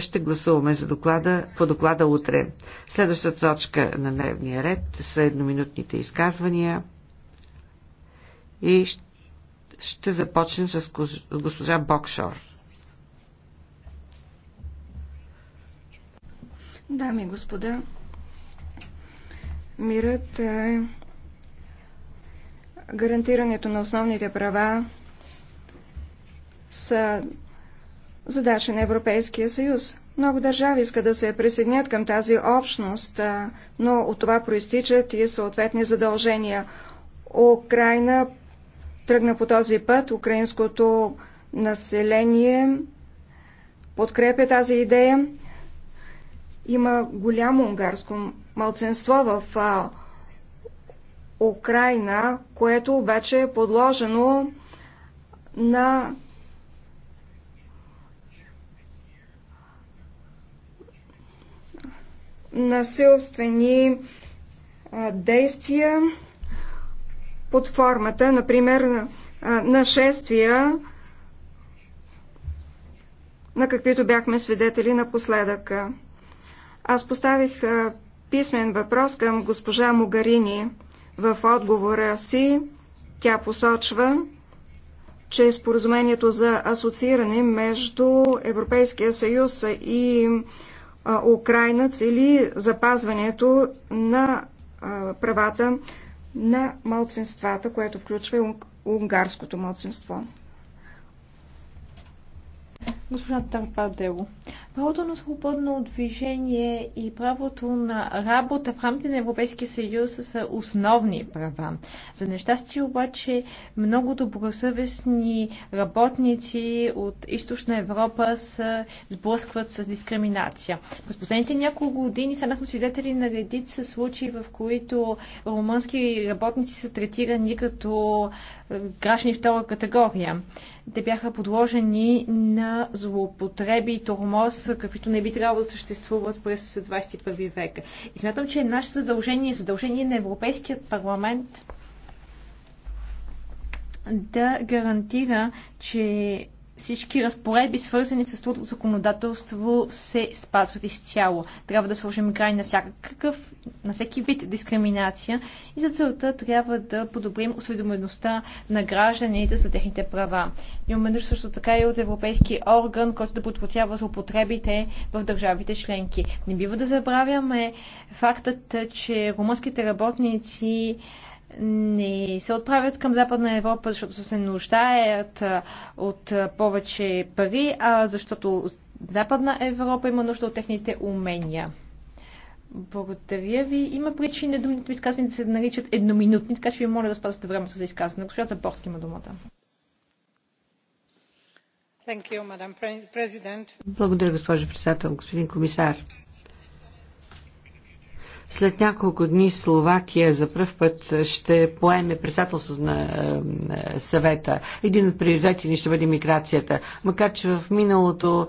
ще гласуваме за доклада, по доклада утре. Следващата точка на дневния ред са едноминутните изказвания и ще започнем с госпожа Бокшор. Дами и господа, мирът е гарантирането на основните права са задача на Европейския съюз. Много държави искат да се присъединят към тази общност, но от това проистичат и съответни задължения. Украина тръгна по този път, украинското население подкрепя тази идея. Има голямо унгарско мълценство в Украина, което обаче е подложено на насилствени действия под формата, например, нашествия, на каквито бяхме свидетели напоследък. Аз поставих писмен въпрос към госпожа Могарини. В отговора си тя посочва, че споразумението за асоцииране между Европейския съюз и Украина цели запазването на правата на малцинствата, което включва и унгарското малцинство. Госпожа Тарпадело, Правото на свободно движение и правото на работа в рамките на Европейския съюз са основни права. За нещастие обаче много добросъвестни работници от източна Европа се сблъскват с дискриминация. През последните няколко години станахме свидетели на редица случаи, в които румънски работници са третирани като е, граждани втора категория те бяха подложени на злоупотреби и тормоз, каквито не би трябвало да съществуват през 21 век. И смятам, че е наше задължение, задължение на Европейският парламент да гарантира, че всички разпоредби, свързани с трудово законодателство, се спазват изцяло. Трябва да сложим край на, всякакъв, на всеки вид дискриминация и за целта трябва да подобрим осведомеността на гражданите за техните права. Имаме нужда също така и от европейски орган, който да подплатява злоупотребите в държавите членки. Не бива да забравяме фактът, че румънските работници не се отправят към Западна Европа, защото се нуждаят от повече пари, а защото Западна Европа има нужда от техните умения. Благодаря ви. Има причини да изказвания да се наричат едноминутни, така че ви моля да спазвате времето за изказване. Госпожа Заборски има думата. Благодаря, госпожо председател, господин комисар. След няколко дни Словакия за първ път ще поеме председателството на е, е, съвета. Един от приоритетите ни ще бъде миграцията. Макар, че в миналото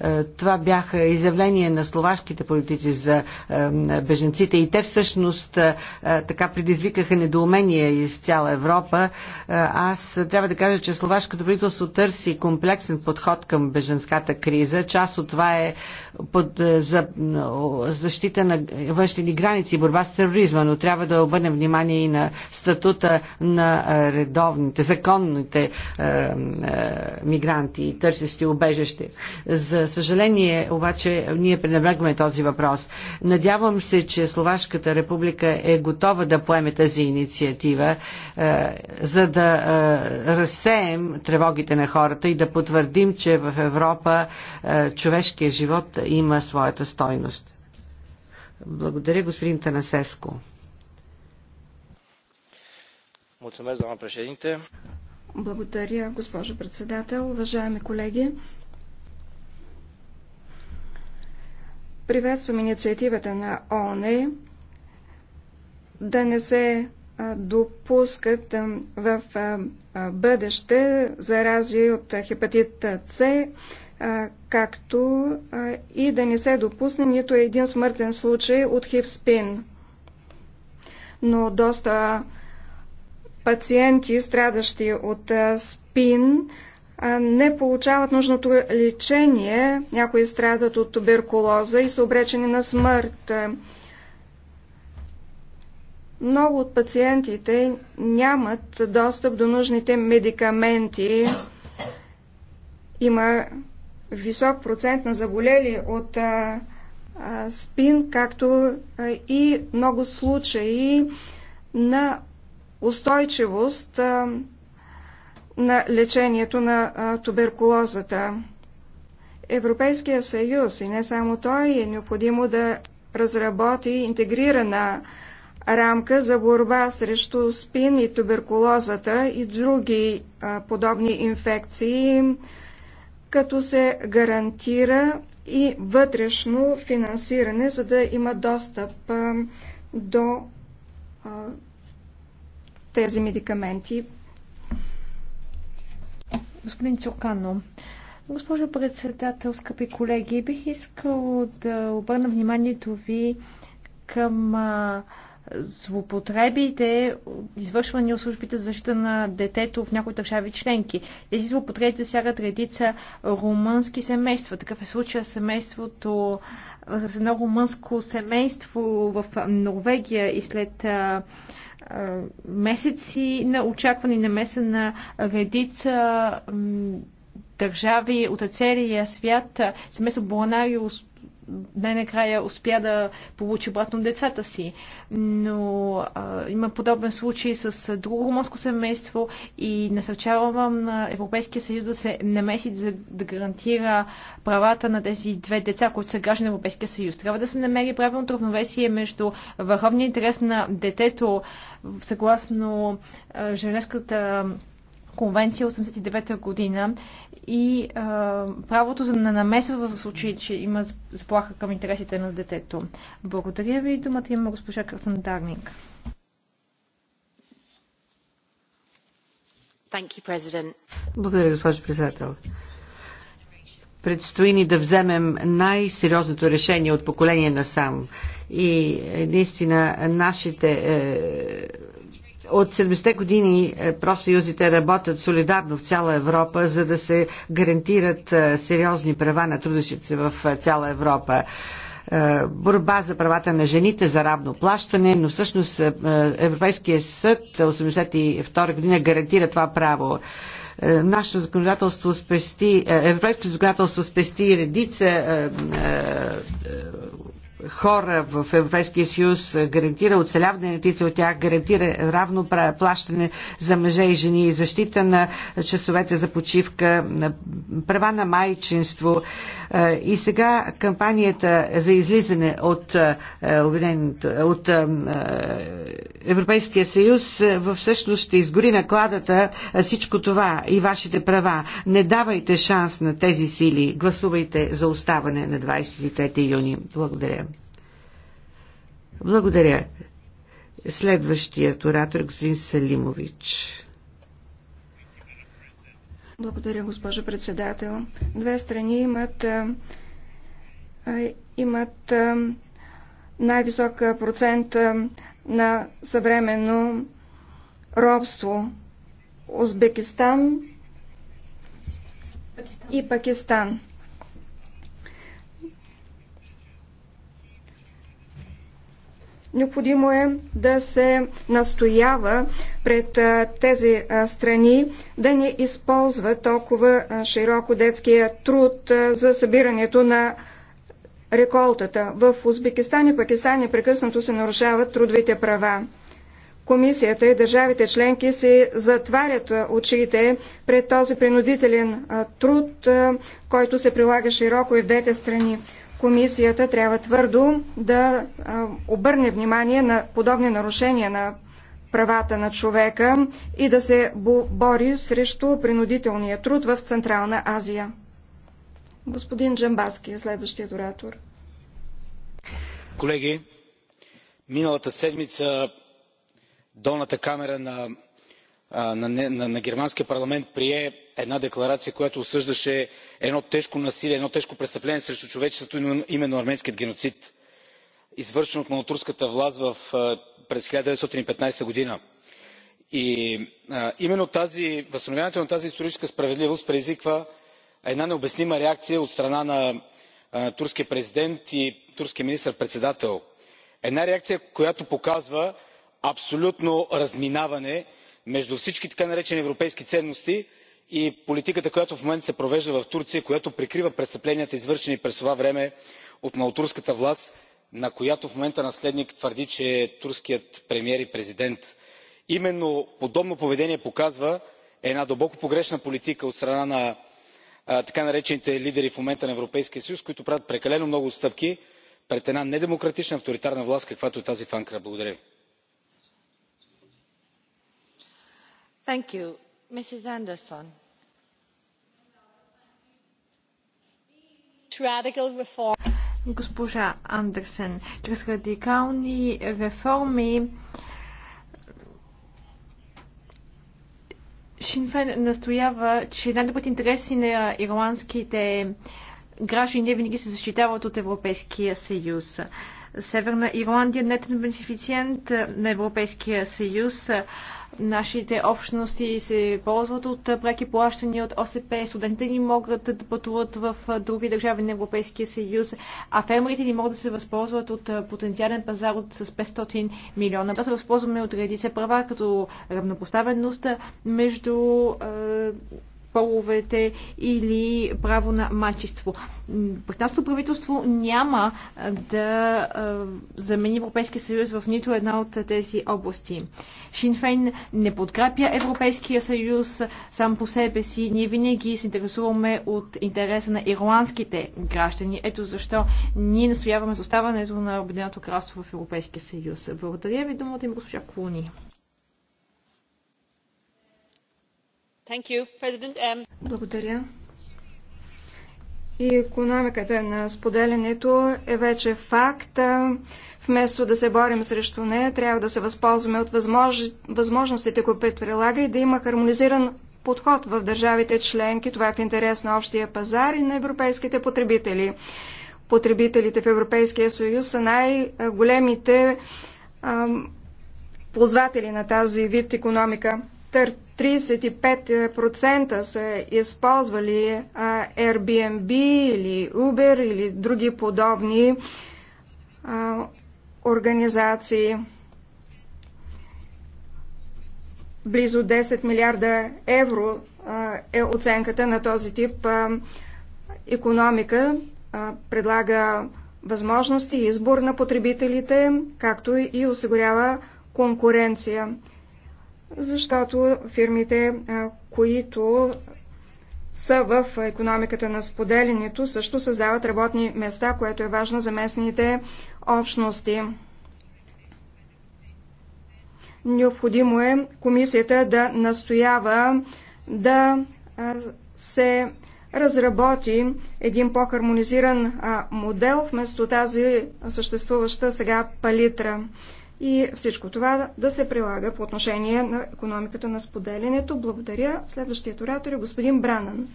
е, това бяха изявления на словашките политици за е, беженците и те всъщност е, така предизвикаха недоумение из цяла Европа. Аз трябва да кажа, че словашкото правителство търси комплексен подход към беженската криза. Част от това е под, за защита на външни граници и борба с тероризма, но трябва да обърнем внимание и на статута на редовните, законните е, е, мигранти, търсещи убежище. За за съжаление, обаче, ние пренебрегваме този въпрос. Надявам се, че Словашката република е готова да поеме тази инициатива, е, за да е, разсеем тревогите на хората и да потвърдим, че в Европа е, човешкият живот има своята стойност. Благодаря, господин Танасеско. Благодаря, госпожо председател. Уважаеми колеги, Приветствам инициативата на ООН да не се допускат в бъдеще зарази от хепатит С, както и да не се допусне нито един смъртен случай от хивспин. Но доста пациенти, страдащи от спин, не получават нужното лечение, някои страдат от туберкулоза и са обречени на смърт. Много от пациентите нямат достъп до нужните медикаменти. Има висок процент на заболели от а, а, спин, както а, и много случаи на устойчивост а, на лечението на туберкулозата. Европейския съюз и не само той е необходимо да разработи интегрирана рамка за борба срещу спин и туберкулозата и други подобни инфекции, като се гарантира и вътрешно финансиране, за да има достъп до тези медикаменти Господин Цуркано, госпожо председател, скъпи колеги, бих искал да обърна вниманието ви към злопотребите, извършвани от службите за защита на детето в някои държави членки. Тези злопотреби засягат редица румънски семейства. Такъв е случая семейството с едно румънско семейство в Норвегия и след месеци на очакване на меса на редица държави от целия свят. Семейство Болонари най-накрая успя да получи обратно децата си. Но а, има подобен случай с друго румънско семейство и насърчавам Европейския съюз да се намеси за да гарантира правата на тези две деца, които са граждани на Европейския съюз. Трябва да се намери правилното равновесие между върховния интерес на детето съгласно а, Женевската конвенция 89-та година и а, правото за на намеса в случай, че има заплаха към интересите на детето. Благодаря ви. Думата има госпожа Картандарник. You, Благодаря, госпожо председател. Предстои ни да вземем най-сериозното решение от поколение на сам И е, наистина нашите е, от 70-те години е, профсъюзите работят солидарно в цяла Европа, за да се гарантират е, сериозни права на трудещите се в е, цяла Европа борба за правата на жените, за равно плащане, но всъщност Европейския съд 82-та година гарантира това право. Нашето законодателство спести, европейското законодателство спести редица хора в Европейския съюз, гарантира оцеляване на редица от тях, гарантира равно плащане за мъже и жени, защита на часовете за почивка, права на майчинство. И сега кампанията за излизане от, от Европейския съюз всъщност ще изгори накладата всичко това и вашите права. Не давайте шанс на тези сили. Гласувайте за оставане на 23 юни. Благодаря. Благодаря. Следващият оратор, е господин Салимович. Благодаря, госпожо председател. Две страни имат, имат най-висок процент на съвременно робство. Узбекистан и Пакистан. Необходимо е да се настоява пред тези страни да не използва толкова широко детския труд за събирането на реколтата. В Узбекистан и Пакистан непрекъснато се нарушават трудовите права. Комисията и държавите членки си затварят очите пред този принудителен труд, който се прилага широко и в двете страни. Комисията трябва твърдо да обърне внимание на подобни нарушения на правата на човека и да се бори срещу принудителния труд в Централна Азия. Господин Джамбаски е следващият оратор. Колеги, миналата седмица долната камера на, на, на, на германския парламент прие една декларация, която осъждаше едно тежко насилие едно тежко престъпление срещу човечеството именно арменският геноцид извършен от малотурската власт през 1915 г. И именно възстановяването на тази историческа справедливост предизвиква една необяснима реакция от страна на турския президент и турския министър председател. Една реакция, която показва абсолютно разминаване между всички така наречени европейски ценности и политиката която в момента се провежда в турция която прикрива престъпленията извършени през това време от малотурската власт на която в момента наследник твърди че е турският премиер и президент. именно подобно поведение показва една дълбоко погрешна политика от страна на така наречените лидери в момента на европейския съюз които правят прекалено много стъпки пред една недемократична авторитарна власт каквато е тази в анкара. благодаря ви. Госпожа Андерсен, чрез радикални реформи Шинфен настоява, че най-добрите интереси на ирландските граждани не винаги се защитават от Европейския съюз. Северна Ирландия нетен бенефициент на Европейския съюз. Нашите общности се ползват от преки плащания от ОСП. Студентите ни могат да пътуват в други държави на Европейския съюз, а фермерите ни могат да се възползват от потенциален пазар от с 500 милиона. Да се възползваме от редица права, като равнопоставеност между е, половете или право на мачество. Британското правителство няма да замени Европейския съюз в нито една от тези области. Шинфейн не подкрепя Европейския съюз сам по себе си. Ние винаги се интересуваме от интереса на ирландските граждани. Ето защо ние настояваме за оставането на Обединеното кралство в Европейския съюз. Благодаря ви, думата им госпожа Клуни. Um, Благодаря. И економиката на споделянето е вече факт. Вместо да се борим срещу нея, трябва да се възползваме от възмож... възможностите, които прилага и да има хармонизиран подход в държавите членки. Това е в интерес на общия пазар и на европейските потребители. Потребителите в Европейския съюз са най-големите ползватели на тази вид економика. 35% са използвали Airbnb или Uber или други подобни организации. Близо 10 милиарда евро е оценката на този тип економика. Предлага възможности и избор на потребителите, както и осигурява конкуренция защото фирмите, които са в економиката на споделянето, също създават работни места, което е важно за местните общности. Необходимо е комисията да настоява да се разработи един по-хармонизиран модел вместо тази съществуваща сега палитра и всичко това да се прилага по отношение на економиката на споделянето. Благодаря. Следващият оратор е господин Бранан.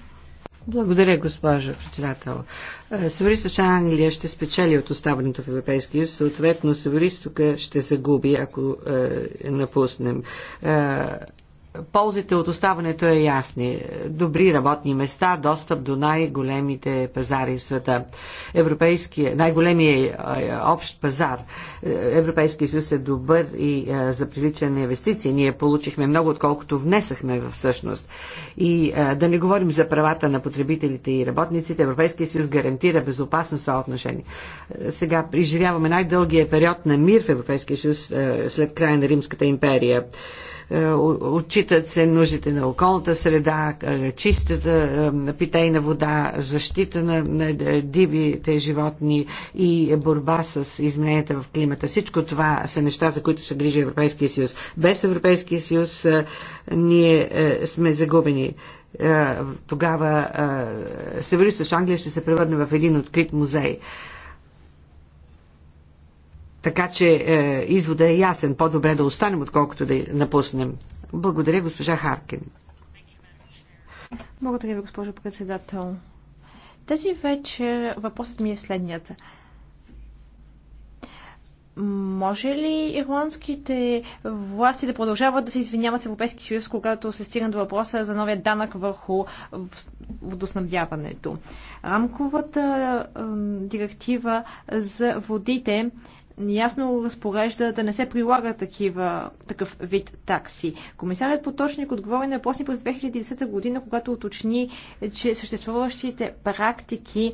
Благодаря, госпожа председател. Е, Северисточна Англия ще спечели от оставането в Европейския съюз, съответно Северистока ще загуби, ако е, напуснем. Е, ползите от оставането е ясни. Добри работни места, достъп до най-големите пазари в света. Европейския, най-големия е, е, общ пазар. Е, Европейския съюз е добър и за привличане на инвестиции. Ние получихме много, отколкото внесахме всъщност. И да не говорим за правата на потребителите и работниците, Европейския съюз гарантира безопасност в това отношение. Сега преживяваме най-дългия период на мир в Европейския съюз след края на Римската империя е, отчитат се нуждите на околната среда, е, чистата е, питейна вода, защита на, на дивите животни и борба с измененията в климата. Всичко това са неща, за които се грижи Европейския съюз. Без Европейския съюз ние сме загубени тогава северо Англия ще се превърне в един открит музей. Така че е, извода е ясен. По-добре да останем, отколкото да напуснем. Благодаря, госпожа Харкин. Благодаря ви, госпожо председател. Тази вечер въпросът ми е следният. Може ли ирландските власти да продължават да се извиняват с Европейския съюз, когато се стигна до въпроса за новия данък върху водоснабдяването? Рамковата е, директива за водите ясно разпорежда да не се прилага такива, такъв вид такси. Комисарят Поточник отговори на въпроси през 2010 година, когато уточни, че съществуващите практики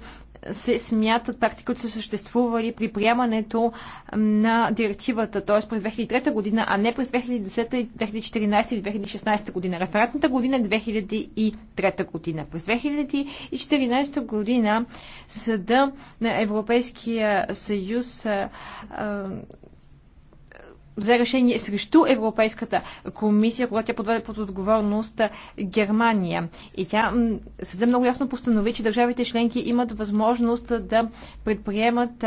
се смятат практики, които са съществували при приемането на директивата, т.е. през 2003 година, а не през 2010, 2014 или 2016 година. Рефератната година е 2003 година. През 2014 година Съда на Европейския съюз взе решение срещу Европейската комисия, когато тя подведе под отговорност Германия. И тя съде много ясно постанови, че държавите членки имат възможност да предприемат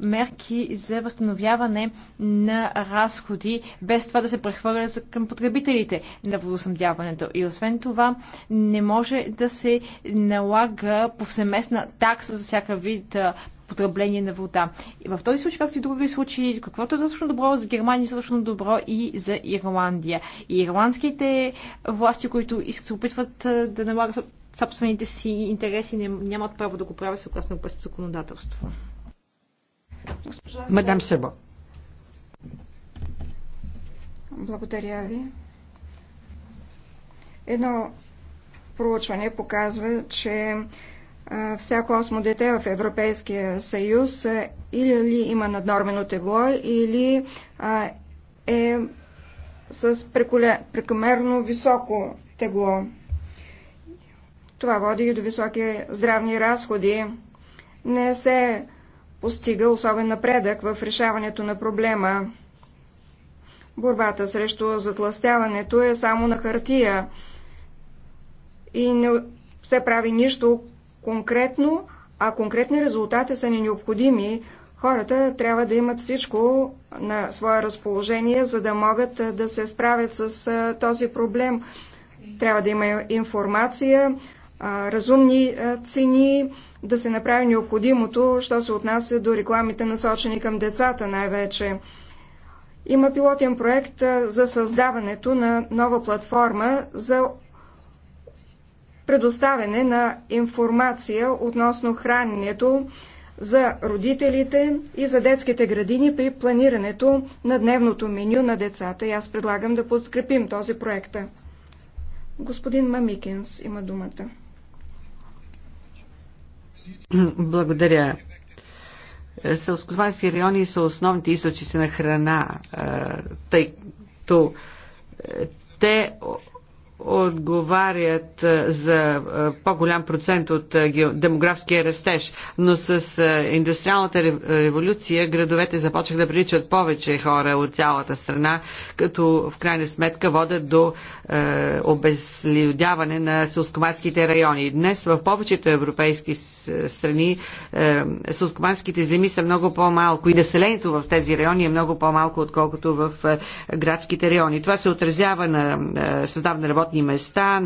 мерки за възстановяване на разходи, без това да се прехвърля към потребителите на водоснабдяването. И освен това, не може да се налага повсеместна такса за всяка вид потребление на вода. И в този случай, както и други случаи, каквото е достатъчно добро за Германия, е достатъчно добро и за Ирландия. И ирландските власти, които искат се опитват да налагат собствените си интереси, нямат право да го правят съгласно европейското законодателство. Мадам Себо. Благодаря ви. Едно проучване показва, че всяко осмо дете в Европейския съюз или има наднормено тегло, или е с прекомерно високо тегло. Това води и до високи здравни разходи. Не се постига особен напредък в решаването на проблема. Борбата срещу затластяването е само на хартия и не се прави нищо конкретно, а конкретни резултати са ни необходими. Хората трябва да имат всичко на свое разположение, за да могат да се справят с този проблем. Трябва да има информация, разумни цени, да се направи необходимото, що се отнася до рекламите насочени към децата най-вече. Има пилотен проект за създаването на нова платформа за предоставяне на информация относно храненето за родителите и за детските градини при планирането на дневното меню на децата. И аз предлагам да подкрепим този проект. Господин Мамикенс има думата. Благодаря. Селскостопански райони са основните източници на храна, тъй като те отговарят за по-голям процент от демографския растеж, но с индустриалната революция градовете започнаха да приличат повече хора от цялата страна, като в крайна сметка водят до е, обезлюдяване на сълскоманските райони. Днес в повечето европейски страни е, земи са много по-малко и населението в тези райони е много по-малко, отколкото в градските райони. Това се отразява на е, създаване на работни работни места,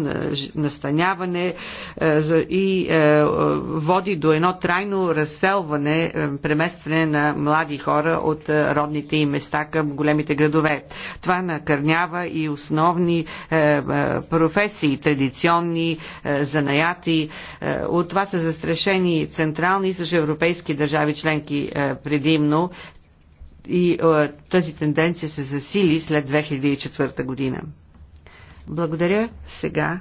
настаняване е, и е, води до едно трайно разселване, е, преместване на млади хора от родните им места към големите градове. Това накърнява и основни професии, традиционни занаяти. От това са застрашени централни и също европейски държави членки предимно и тази тенденция се засили след 2004 година. Благодаря. Сега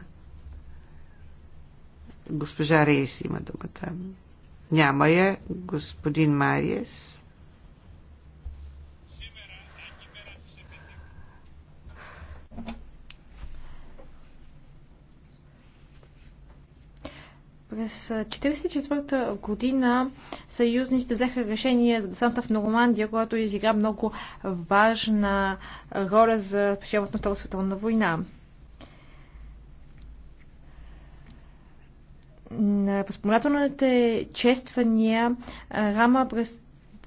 госпожа Рейс има думата. Няма я. Господин Мариес. През 1944 година съюзниците взеха решение за десанта в Нормандия, която изигра много важна роля за печелът на Втората световна война. на възпоменателните чествания Рама през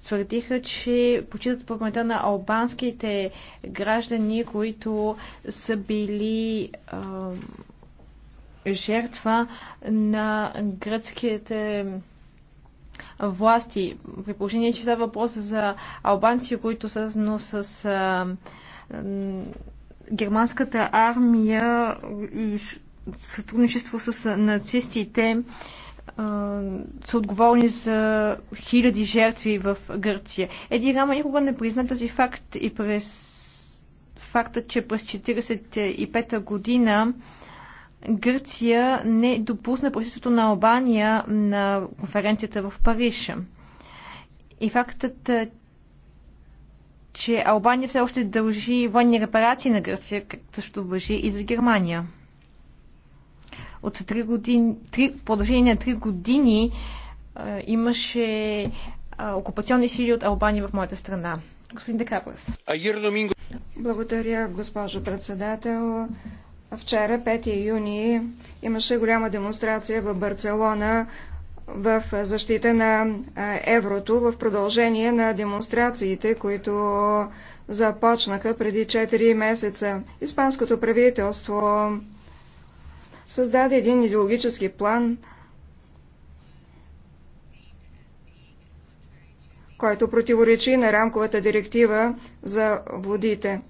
твърдиха, че почитат паметта на албанските граждани, които са били е, жертва на гръцките власти. При положение, че става въпрос за албанци, които са но с е, германската армия и в сътрудничество с нацистите са отговорни за хиляди жертви в Гърция. Еди Рама никога не призна този факт и през факта, че през 1945 година Гърция не допусна присъствието на Албания на конференцията в Париж. И фактът, че Албания все още дължи военни репарации на Гърция, също въжи и за Германия от 3 години, 3, продължение на 3 години а, е, имаше е, окупационни сили от Албания в моята страна. Господин Декабрас. Благодаря, госпожо председател. Вчера, 5 юни, имаше голяма демонстрация в Барселона в защита на е, еврото в продължение на демонстрациите, които започнаха преди 4 месеца. Испанското правителство създаде един идеологически план, който противоречи на рамковата директива за водите.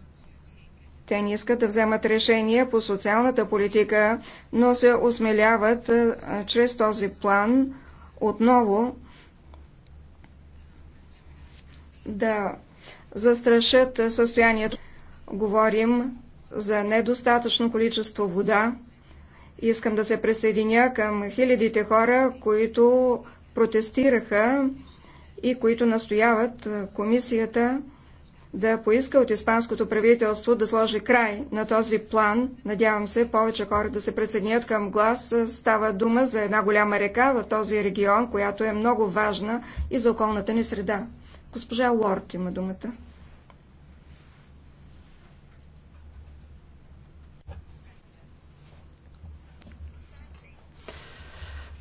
Те не искат да вземат решения по социалната политика, но се осмеляват чрез този план отново да застрашат състоянието. Говорим за недостатъчно количество вода, Искам да се присъединя към хилядите хора, които протестираха и които настояват комисията да поиска от испанското правителство да сложи край на този план. Надявам се повече хора да се присъединят към глас. Става дума за една голяма река в този регион, която е много важна и за околната ни среда. Госпожа Лорд има думата.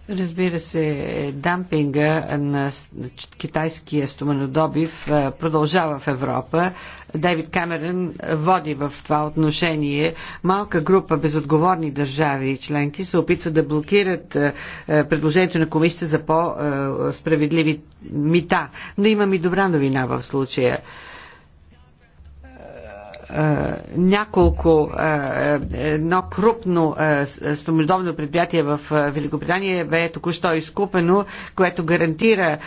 Разбира се, дампинга на китайския стоманодобив продължава в Европа. Дейвид Камерън води в това отношение. Малка група безотговорни държави и членки се опитват да блокират предложението на комисията за по-справедливи мита. Но имам и добра новина в случая. Е, няколко, е, е, едно крупно стомедовно предприятие в Великобритания бе току-що изкупено, което гарантира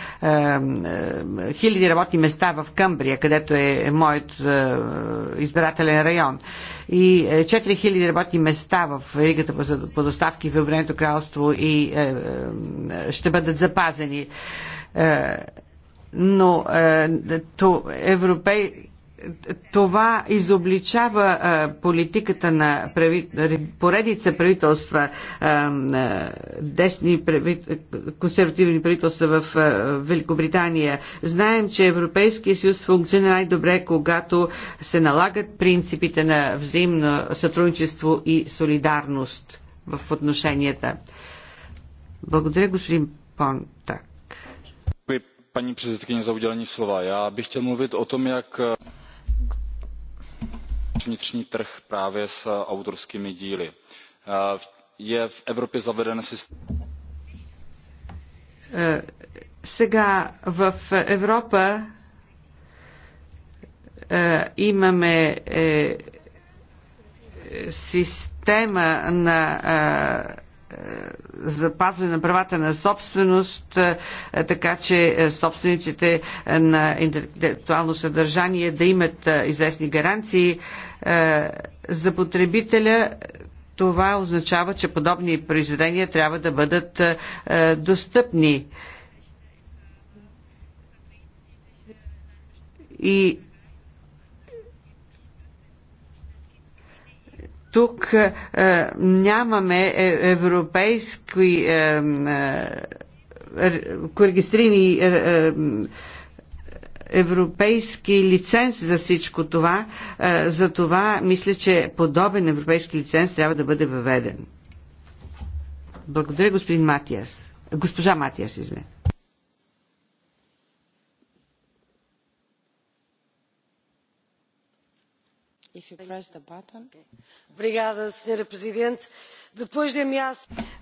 хиляди работни места в Къмбрия, където е моят избирателен район. И 4000 работни места в Ригата по доставки в Обединеното кралство и ще бъдат запазени. Но то европей това изобличава а, политиката на прави, поредица правителства, а, десни прави, консервативни правителства в а, Великобритания. Знаем, че Европейския съюз функционира най-добре, когато се налагат принципите на взаимно сътрудничество и солидарност в отношенията. Благодаря, господин Понтак. Paní předsedkyně za udělení slova. Já vnitřní trh právě s eh, autorskými díly. Eh, je в Европе заведен систем. Сега в Европа eh, имаме система на е, запазване на правата на собственост, е, е, така че собствениците на интелектуално съдържание да имат известни гаранции. За потребителя това означава, че подобни произведения трябва да бъдат достъпни. И Тук е, е, нямаме е, европейски регистрирани европейски лиценз за всичко това. За това мисля, че подобен европейски лиценз трябва да бъде въведен. Благодаря, господин Матиас. Госпожа Матиас, извинете.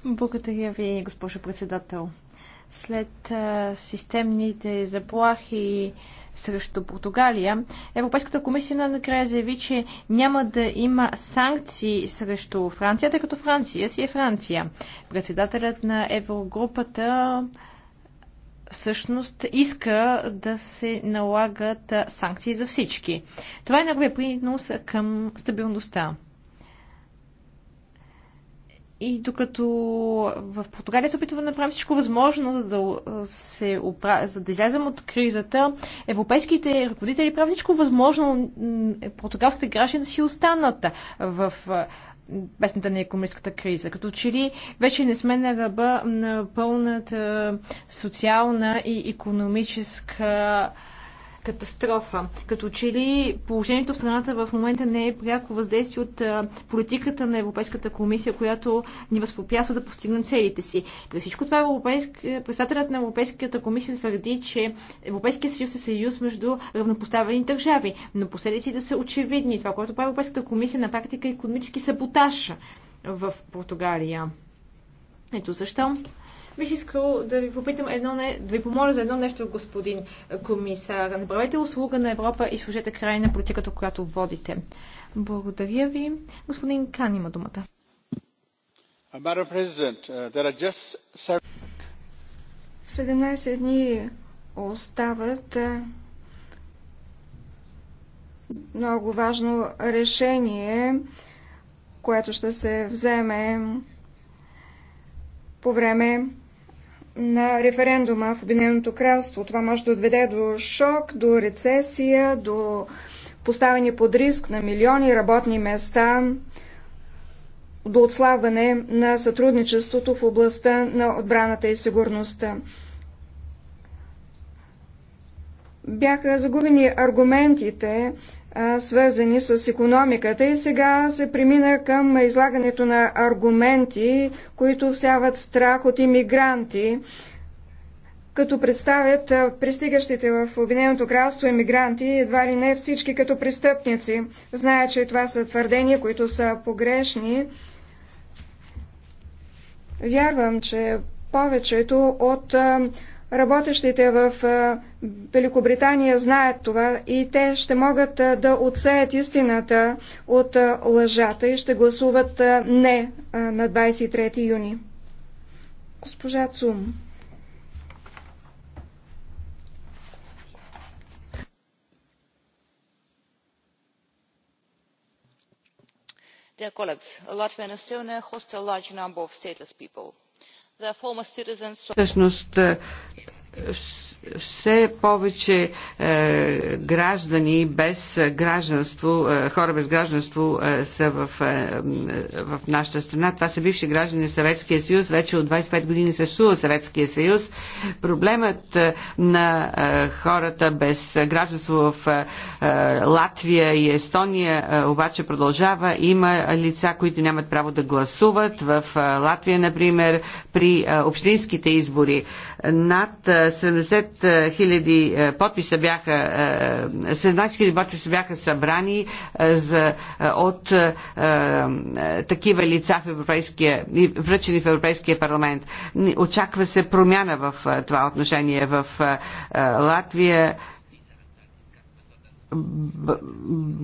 Благодаря ви, госпожо председател. След системните заплахи срещу Португалия, Европейската комисия накрая заяви, че няма да има санкции срещу Франция, тъй като Франция си е Франция. Председателят на Еврогрупата всъщност иска да се налагат санкции за всички. Това е неговия принос към стабилността. И докато в Португалия се опитва да направи всичко възможно, за да, се опра... за да излезем от кризата, европейските ръководители правят всичко възможно португалските граждани да си останат в местната на економическата криза. Като че ли вече не сме на ръба на пълната социална и економическа катастрофа. Като че ли положението в страната в момента не е пряко въздействие от политиката на Европейската комисия, която ни възпрепятства да постигнем целите си. При всичко това председателят на Европейската комисия твърди, че Европейския съюз е съюз между равнопоставени държави, но последиците са очевидни. Това, което прави Европейската комисия на практика е економически саботаж в Португалия. Ето защо бих искал да ви попитам едно, не, да ви помоля за едно нещо, господин комисар. Направете услуга на Европа и служете край на политиката, която водите. Благодаря ви. Господин Кан има думата. Madam President, uh, there are just 17 дни остават uh, много важно решение, което ще се вземе по време на референдума в Обединеното кралство. Това може да отведе до шок, до рецесия, до поставени под риск на милиони работни места, до отслабване на сътрудничеството в областта на отбраната и сигурността. Бяха загубени аргументите свързани с економиката и сега се премина към излагането на аргументи, които всяват страх от иммигранти, като представят пристигащите в Обединеното кралство иммигранти, едва ли не всички като престъпници. знаят, че това са твърдения, които са погрешни. Вярвам, че повечето от Работещите в Великобритания знаят това и те ще могат да отсеят истината от лъжата и ще гласуват не на 23 юни. Госпожа Цум. dear colleagues latvia and estonia host a large number of stateless people. Всъщност, все повече е, граждани без гражданство, е, хора без гражданство е, са в, е, е в нашата страна. Това са бивши граждани на Съветския съюз. Вече от 25 години съществува Съветския съюз. Проблемът е, на е, хората без гражданство в е, е, Латвия и Естония е, обаче продължава. Има лица, които нямат право да гласуват. В е, Латвия, например, при е, общинските избори над 70 е, 17 хиляди е, подписа бяха 17 е, хиляди подписа бяха събрани е, за, от такива лица в Европейския, връчени в Европейския парламент. Очаква се промяна в това отношение в Латвия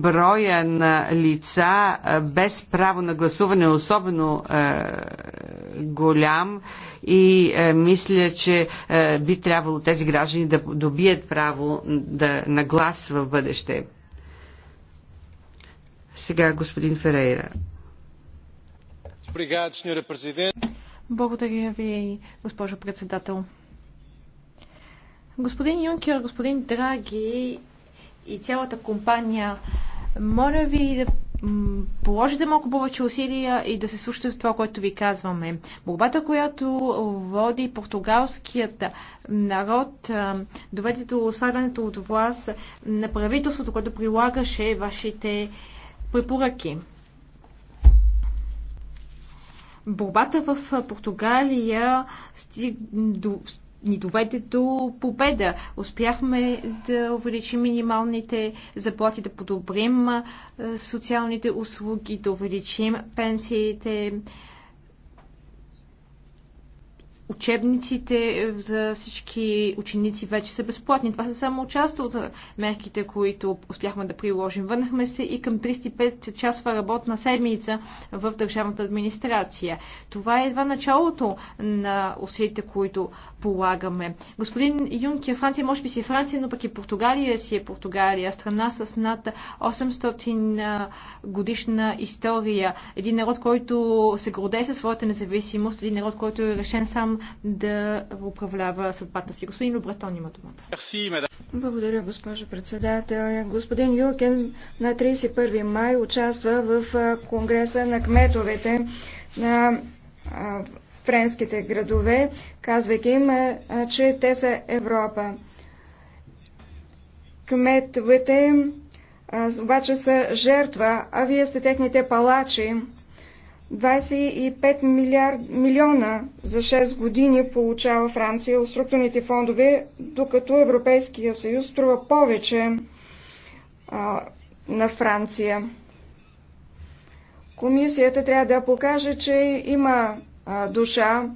броя на лица без право на гласуване е особено е, голям и е, мисля, че е, би трябвало тези граждани да добият право да, на глас в бъдеще. Сега господин Ферейра. Благодаря ви, госпожо председател. Господин Юнкер, господин Драги и цялата компания, моля ви да положите малко повече усилия и да се слушате с това, което ви казваме. Борбата, която води португалският народ, доведе до слагането от власт на правителството, което прилагаше вашите препоръки. Борбата в Португалия ни доведе до победа. Успяхме да увеличим минималните заплати, да подобрим социалните услуги, да увеличим пенсиите, учебниците е, за всички ученици вече са безплатни. Това са само част от е, мерките, които успяхме да приложим. Върнахме се и към 35 часова работна седмица в държавната администрация. Това е едва началото на усилите, които полагаме. Господин Юнкер, Франция може би си е Франция, но пък и Португалия си е Португалия. Страна с над 800 е, годишна история. Един народ, който се гордее със своята независимост, един народ, който е решен сам да управлява съдбата си. Господин Лобретон има думата. Благодаря, госпожо председател. Господин Юкен на 31 май участва в Конгреса на кметовете на френските градове, казвайки им, че те са Европа. Кметовете обаче са жертва, а вие сте техните палачи. 25 милиард, милиона за 6 години получава Франция от структурните фондове, докато Европейския съюз струва повече а, на Франция. Комисията трябва да покаже, че има а, душа,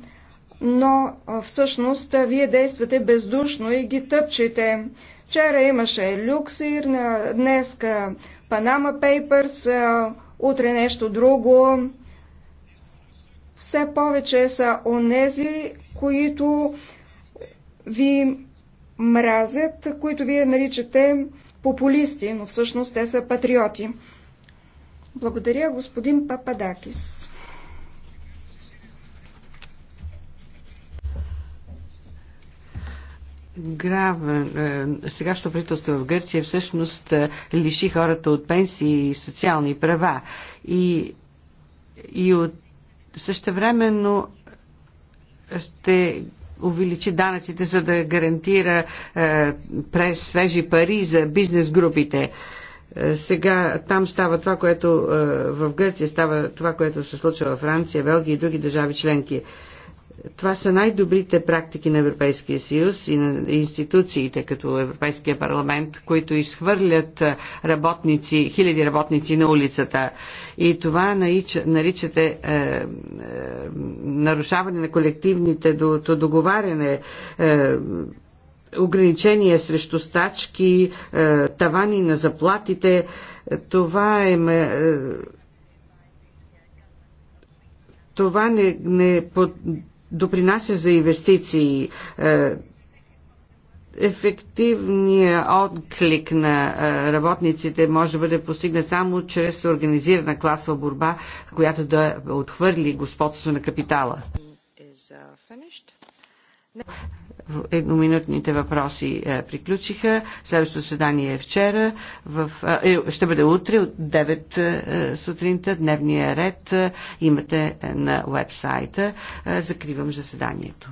но а, всъщност а, вие действате бездушно и ги тъпчете. Вчера имаше Люксир, днес Панама Пейперс, утре нещо друго все повече са онези, които ви мразят, които вие наричате популисти, но всъщност те са патриоти. Благодаря, господин Пападакис. Гравен, сегашното правителство в Гърция всъщност е, лиши хората от пенсии и социални права и, и от Същевременно ще увеличи данъците, за да гарантира е, през свежи пари за бизнес групите. Е, сега там става това, което е, в Гърция става това, което се случва във Франция, Белгия и други държави членки. Е, това са най-добрите практики на Европейския съюз и на институциите като Европейския парламент, които изхвърлят работници, хиляди работници на улицата. И това наричате е, е, нарушаване на колективните до, до договаряне. Е, ограничения срещу стачки, е, тавани на заплатите. Това е, е това не, не под, допринася за инвестиции. Е, ефективният отклик на е, работниците може да бъде постигнат само чрез организирана класова борба, която да отхвърли господството на капитала. Е, едноминутните въпроси е, приключиха. Следващото заседание е вчера. В, е, е ще бъде утре от 9 е, сутринта. Дневния ред е, имате е, на вебсайта. Е, закривам заседанието.